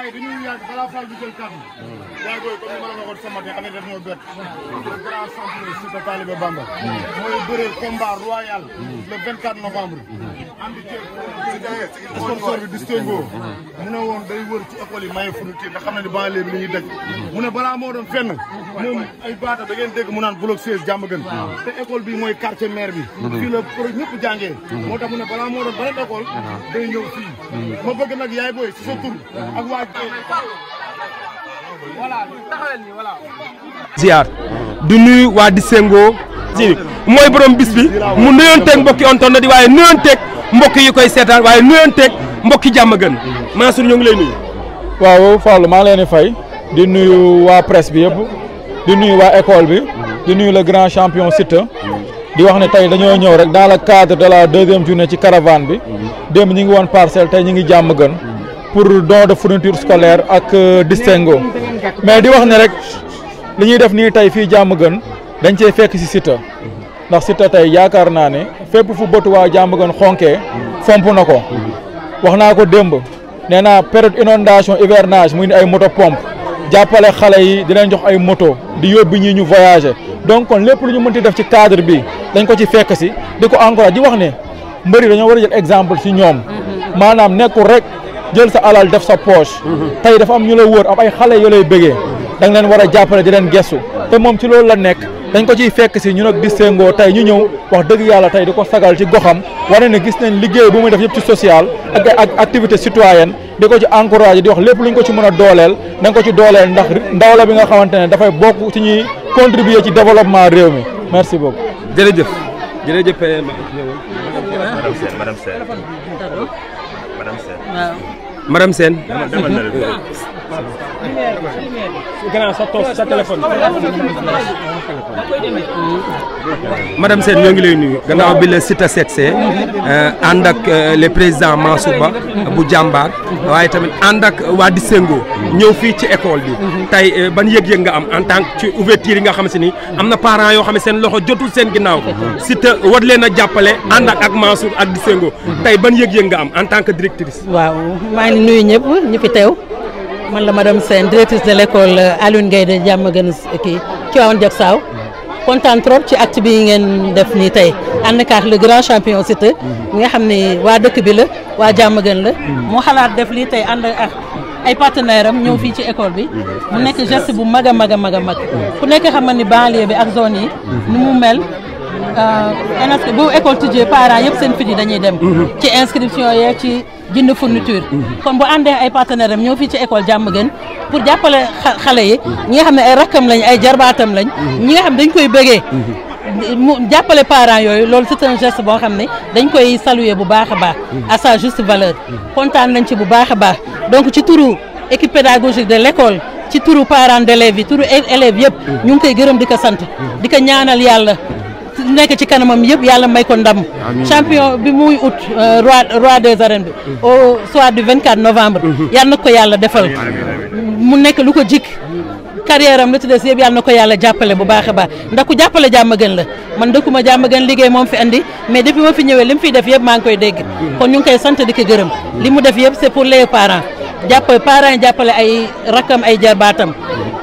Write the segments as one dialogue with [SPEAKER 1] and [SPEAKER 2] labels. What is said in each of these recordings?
[SPEAKER 1] waaye dañuy yàgg balaa Fall bi jël kàddu. waaye booy comme ni ma la waxoon sama matin affaire daf ñoo bett. Hmm. le grand champion Siteu Talibé Bamba. Hmm. mooy bëreel combat royal. Hmm. le 24 novembre. sponsor bi distingo mu a woon day wër ci école yi maye fourniture nga xam ne ni banlieue bi li ñuy daj mu ne balaa moo doon fenn moom ay baata da ngeen dégg mu naan bloc 16 jàmm te école bi mooy quartier maire bi fii la pour ñëpp jàngee moo tax mu ne balaa moo doon beneen école day ñëw fii ma bëgg nag yaay booy si sa tur ak waa voilà
[SPEAKER 2] ziar du nuyu waa distingo si mooy borom bis bi mu nuyoonteeg mbokki onton na di waaye nuyoonteeg mbokk yi koy seetaan waaye nuyoonteeg mbokki jàmm gën Mansour ñoo ngi lay nuyu.
[SPEAKER 3] waaw Fallou maa leen di fay di nuyu waa presse bi yëpp di nuyu waa école bi di nuyu le grand champion Siteu di wax ne tey dañoo ñëw rek daal le cadre de la deuxième journée ci caravane bi démb ñi ngi woon parcelle tey ñi ngi jàmm gën pour don de fourniture scolaire ak euh, distingo
[SPEAKER 1] mais di wax ne rek
[SPEAKER 3] li ñuy def nii tey fii jàmm gën dañ cee fekk si Siteu ndax Siteu tey yaakaar naa ne fépp fu bëtu waa Diamaguen xonkee fomp na ko wax naa ko démb nee naa période inondation hivernage muy ni ay moto pomp jàppale xale yi di leen jox ay moto di yóbbu ñi ñu voyager donc kon lépp lu ñu mënti def ci cadre bi dañ ko ci fekk si di ko encourage di wax ne mbëri dañoo war a jël exemple si ñoom maanaam nekkul rek jël sa alal def sa poche tey dafa am ñu la wóor am ay xale yoo lay bëggee da leen war a jàppale di leen te moom ci loolu la nekk dañ ko ciy fekk si ñun ak di séngoo tey ñu ñëw wax dëgg yàlla tey di ko sagal ci goxam wane ne gis nañ liggéey bu muy def yëpp ci social ak ak activité citoyenne di ko ci encouragé di wax lépp luñ ko ci mën a dooleel dañ ko ci dooleel ndax ndaw la bi nga xamante ne dafay bokk ci ñuy contribuer ci développement réew mi merci jërëjëf
[SPEAKER 2] jërëjëf PNN madame sa toog sa téléphone. madame Sène ñoo ngi lay nuyu gannaaw bi la Siteu seetsee euh, ànd ak euh, le président Mansour Ba bu jàmbar waaye tamit ànd ak waa di Sengo ñëw fii ci école bi tey euh, ban yëg-yëg nga am en tant ci ouverture yi nga xam si ni am na parent yoo xam ne seen loxo jotul seen ginnaaw Siteu wat leen a jàppale ànd ak ak Mansour ak di Sengo tey ban yëg-yëg nga am en tant que directrice waaw
[SPEAKER 4] maa ngi nuyu ñëpp ñu fi teew man la madame Sène directrice de l' école Alioune Gaye de Diamaguène kii Tivaouane Diacksao kontaan trop ci acte bi ngeen def nii tey ànd ak le grand champion Siteu mi mhm. nga xam ne waa dëkk bi la waa Diamaguène la mhm. moo xalaat def li tey ànd ak ay partenaire am ñëw mhm. fii ci école bi mu nekk geste bu mag a mag a mag a mag ku nekk xam ma ni banlieue bi ak zone yi ni mu mel euh, bu école tijjee parents yëpp seen fit yi dañuy dem ci inscription yeeg ci jënd fourniture mm-hmm. Mm-hmm. kon bu àndee ay partenaire am ñëw fii ci école jàmm gën pour jàppale xale yi mm-hmm. ñi nga xam ne ay rakkam lañ ay jarbaatam lañ ñi nga xam dañ koy bëggee mu jàppale parents yooyu loolu c'est un geste boo xam ne dañ koy saluer bu baax a baax à sa juste valeur kontaan nañ ci bu baax a baax donc ci turu équipe pédagogique de l'école ci turu parents d'élèves yi turu élève yëpp ñu ngi koy gërëm di ko sant di ko ñaanal yàlla mu nekk ci kanamam yëpp yàlla may ko ndam champion bi muy ut euh, roi roi des arènes bi mm-hmm. au soir du 24 novembre mm-hmm. yàlla na ko yàlla defal mu nekk lu ko jik carrière am la ci des yëpp yàlla na ko yàlla jàppale bu baax a baax ndax jàppale jàmm gën la man dëkkuma jàmm gën liggéey moom fi andi mais depuis ma fi ñëwee li mu fiy def yëpp maa ngi koy dégg mm-hmm. kon ñu ngi koy sant di ko gërëm li mu def yëpp c'est pour les parents jàppale parents jàppale ay rakam ay jarbaatam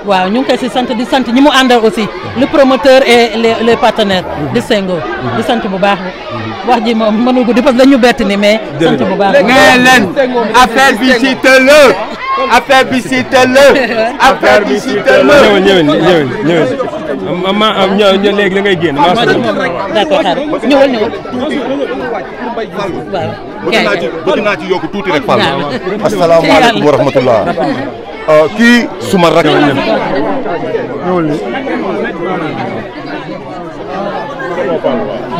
[SPEAKER 4] waaw ñu ngi sant di sant ñi mu àndal aussi le promoteur e les les partenaires. di Sengo di sant bu baax wax ji moom mënul ko di parce que dañu bett ni mais. sant bu baax nee leen
[SPEAKER 2] affaire bi si tëllë affaire bi si tëllë affaire bi si la ngay génn. maa d'accord xaaral ñëwal
[SPEAKER 5] bëgg naa ci
[SPEAKER 1] bëgg naa tuuti rek Fall. asalaamaaleykum wa rahmatullah. Euh, kii suma rakk. ñëwal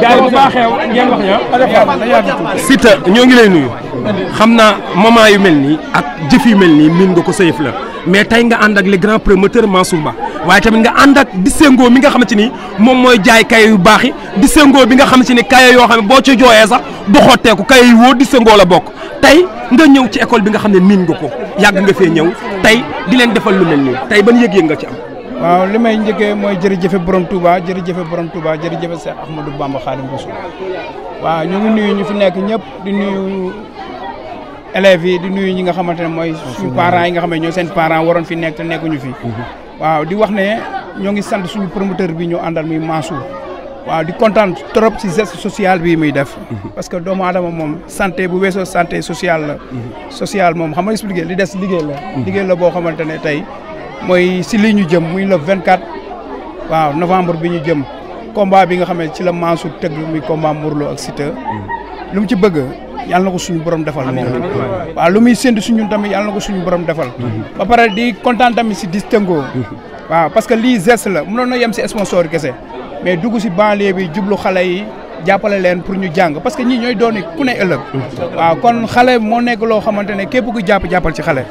[SPEAKER 1] gars yi bu baaxee ngeen
[SPEAKER 5] wax
[SPEAKER 2] ña. ñoo ngi lay nuyu. xam naa moment yu mel nii ak jëf yu mel nii miin nga ko sëyëf la mais tey nga ànd ak les grands promoteurs Mansour Ba waaye tamit nga ànd ak disengoo mi nga xamante ni moom mooy jaay kaye yu baax yi disengoo bi nga xam si ni kaye yoo xam ne boo ci jooyee sax du xotteeku kaye yu wóor disengoo la bokk tey nga ñëw ci école bi nga xam ne miin nga ko yàgg nga
[SPEAKER 5] fee ñëw tey di leen defal lu mel nii tey ban yëg-yëg nga ci am. waaw li may njëkkee mooy jërëjëfe borom Touba jërëjëfe borom Touba jërëjëfe Cheikh Ahmadou Bamba Khadim Rasoul waaw ñu ngi nuyu ñu fi nekk ñëpp di nuyu élèves di nuyu ñi nga xamante ne mooy suñu parents yi nga xam ne ñoo seen parent waroon fi nekk te nekkuñu fi mhm. waaw di wax ne ñoo ngi sant suñu promoteur bi ñoo àndal muy Mansour waaw di kontaan trop ci geste social bi muy def mhm. parce que doomu aadama moom sante bu weesoo sante sociale la mhm. social moom xam nga expliqué li des liggéey la liggéey la boo xamante ne tey mooy si lii ñu jëm muy le 24 waaw novembre bi ñu jëm combat bi nga xam ci la Mansour tëgg muy combat Modou Lo ak Siteu mm. lu ci bëgg yàlla na ko suñu borom defal moom waaw lu muy séntu suñu tamit yàlla na ko suñu borom defal mm-hmm. ba di kontaan tamit si distingo mm-hmm. waaw parce que lii geste la mënoon na yem si sponsor kese mais dugg si banlieue bi jublu xale yi jàppale leen pour ñu jàng parce que ñii ñooy doon ku ne ëllëg. waaw kon xale moo nekk loo xamante ne képp ku jàpp jàppal ci xale.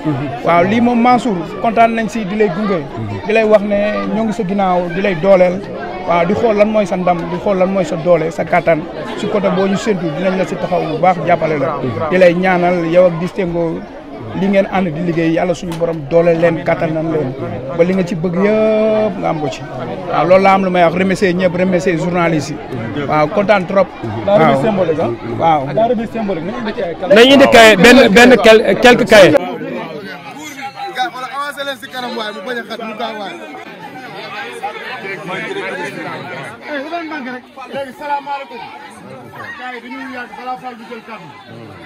[SPEAKER 5] waaw lii moom Mansour kontaan nañ si di lay gunge. di lay wax ne ñoo ngi sa ginnaaw di lay dooleel. waaw di xool lan mooy sa ndam di xool lan mooy sa doole sa kàttan si côté boo ñu séntu dinañ la si taxaw bu baax jàppale la. di lay ñaanal yow ak li ngeen ànd di liggéey yàlla suñu borom doole leen kattan ba li nga ci bëgg yëpp nga am ci waaw loolu la lu may wax remercier ñëpp remercier journaliste yi waaw kontaan trop waaw
[SPEAKER 3] ah? indi kaye benn benn quelque kaye
[SPEAKER 1] gars yi dañuy yàgg balaa Fall di jël kàddu.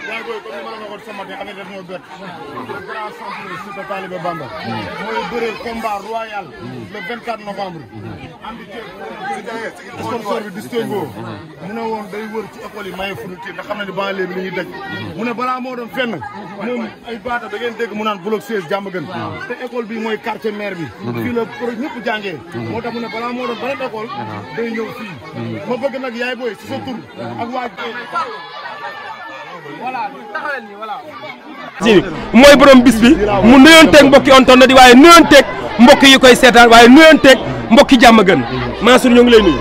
[SPEAKER 1] yaay booy comme ni ma la waxoon sama matin affaire daf ma bett. le grand centre Cité Talibé Bamba. Hmm. mooy bëree combat royal. le 24 novembre. Hmm. andi ceeb sponsor bi distingo mu ne woon day wër ci école yi maye fourniture ndax xam na ne banlieue bi li ñuy daj mu ne balaa moo doon fenn moom ay baata da ngeen dégg mu naan bloc 16 jàmm gën hmm. te école bi mooy quartier maire bi fii la pro ñëpp jàngee moo tax mu ne balaa moo doon beneen école day ñëw fii ma bëgg nag yaay booy si sa tur ak
[SPEAKER 2] mooy borom bis bi mu nuyonteeg mbokki onton di waaye nuyonteeg mbokk yi koy seetaan waaye nuyonteeg mbokki jàmm gën
[SPEAKER 3] Mansour ñoo ngi lay nuyu.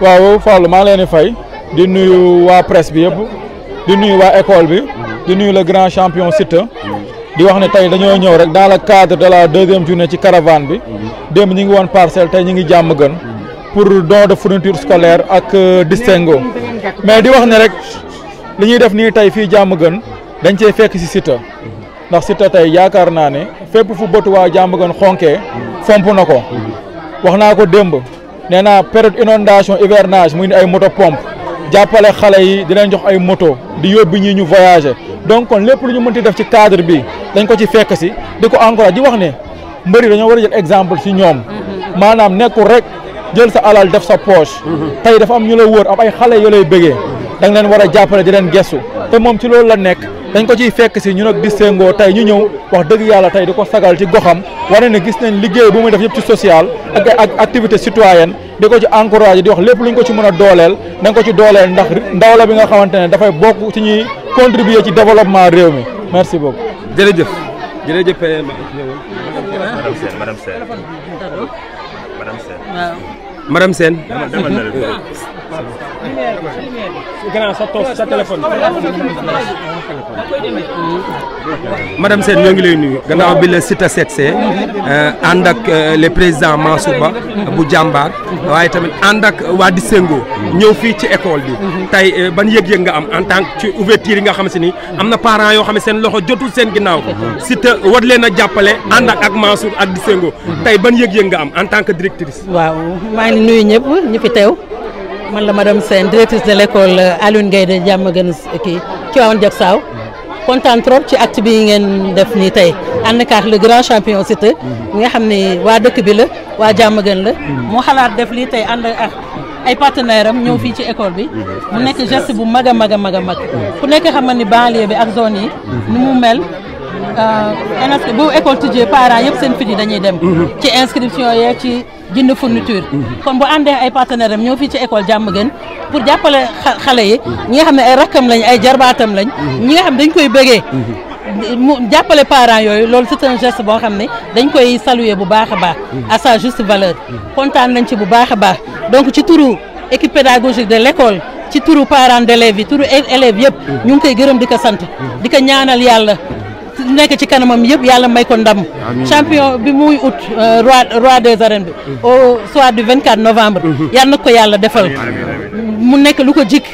[SPEAKER 3] waaw Fallou maa ngi fay di nuyu waa presse bi yëpp di nuyu waa école bi di nuyu le grand champion Siteu di wax ne tey dañoo ñëw rek dans le cadre de la journée ci caravane bi démb ñu ngi woon parcelle tey ñu ngi jàmm gën pour don de fourniture scolaire ak euh, distingo
[SPEAKER 1] mais di wax ne rek
[SPEAKER 3] li ñuy def nii tey fii jàmm dañ cee fekk si Siteu ndax Siteu tey yaakaar naa ne fépp fu bëtu waa jàmm gën fomp na ko wax naa ko démb nee naa période inondation hivernage muy ni ay moto pompe jàppale xale yi di leen jox ay moto di yóbbu ñi ñu voyager donc kon lépp lu ñu mënti def ci cadre bi dañ ko ci fekk si di ko encourage ji wax ne mbëri dañoo war a exemple si ñoom maanaam nekkul rek jël sa alal def sa poche. tey dafa am ñu la wóor am ay xale yoo lay bëggee da leen war a jàppale di leen gestu te moom ci loolu la nekk dañ ko ciy fekk si ñun ak di séngoo tey ñu ñëw wax dëgg yàlla tey di ko sagal ci goxam wane ne gis nañ liggéey bu muy def yëpp ci social ak ak activité citoyenne di ko ci encouragé di wax lépp lu ñu ko ci mën a dooleel da ko ci dooleel ndax ndaw la bi nga xamante ne dafay bokk ci ñuy contribuer ci développement réew mi merci beaucoup. jërëjëf
[SPEAKER 2] jërëjëf madame madame Sène. gannaaw sa toog sa téléphone. madame Sène ñoo ngi lay nuyu. gannaaw bi la Siteu seetsee. Euh, ànd ak euh, les président Mansour Ba bu jàmbaar. waaye tamit ànd ak waa di Sengo. ñëw fii ci école bi. tey euh, ban yëg-yëg nga am en tank ci ouverture yi nga xam si ni. am na parents yoo xam ne seen loxo jotul seen ginnaaw. Siteu war leen a jàppale ànd ak ak Mansour ak di Sengo. tey ban yëg-yëg nga am en tant que directrice.
[SPEAKER 4] ngi nuyu ñëpp ñu fi teew man la madame Sène directrice de l' école euh, Alioune Gaye de Diamaguène kii ci Diacksao kontaan trop ci acte bi ngeen def nii tey ànd kaak le grand champion Siteu bi nga xam ne waa dëkk bi la waa Diamaguène la mu xalaat def lii tey and ak ay partenaire am ñëw fii ci école bi mu nekk geste bu mag a mag a mag a mag ku nekk xam ne bi ak zone yi mu mel Euh, bu école tijjee parents yëpp seen fit dañuy dem ci inscription yeeg ci jënd fourniture kon bu àndee ay partenaire am ñëw fii ci école jàmm gën pour jàppale xale yi ñi nga xam ne ay rakkam lañ ay jarbaatam lañ ñi nga xam dañ koy bëggee mu jàppale parents yooyu loolu c'est un geste boo xam ne dañ koy saluer bu baax a baax assa sa juste valeur kontaan nañ ci bu baax a baax donc ci turu équipe pédagogique de l'école ci turu parent d'élèves yi turu élèves yëpp ñu ngi koy gërëm di ko sant di ko ñaanal yàlla nekk ci kanamam yëpp yàlla may ko ndam champion bi muy ut euh, roi roi des arènes bi au soir du 24 novembre yàlla na ko yàlla defal mu nekk lu ko jik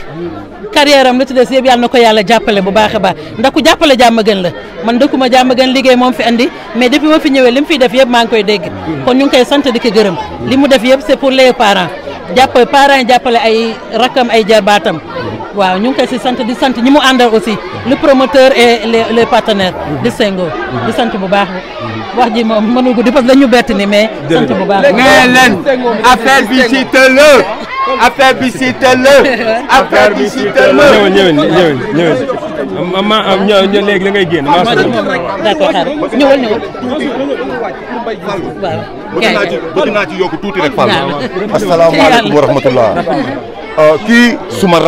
[SPEAKER 4] carrière am la ci des yëpp yàlla na ko yàlla jàppale bu baax a baax ndax ku jàppale jàmm gën la man dëkkuma jàmm gën liggéey moom fi andi mais depuis ma fi ñëwee li mu fiy def yëpp maa ngi koy dégg kon ñu ngi koy sant di ko gërëm li mu def yëpp c'est pour les parents jàpp parents jàppale ay rakam ay jarbaatam waaw ñu ngi koy sant di sant ñi mu àndal aussi le promoteur et les les partenaires di Sengo di sant bu baax wax ji moom mënu ko di parce que dañu ni mais sant bu baax mais leen affaire
[SPEAKER 2] bi si tëlë affaire bi si tëlë affaire bi si tëlë ñëwén ñëwén ñëwén ma ñëw léegi da ngay génn ma d'accord xaar ñëwal ñëwal waaw bëgg naa ci
[SPEAKER 1] bëgg naa ci yokk tuuti rek Fall asalaamaaleykum wa rahmatullah euh, kii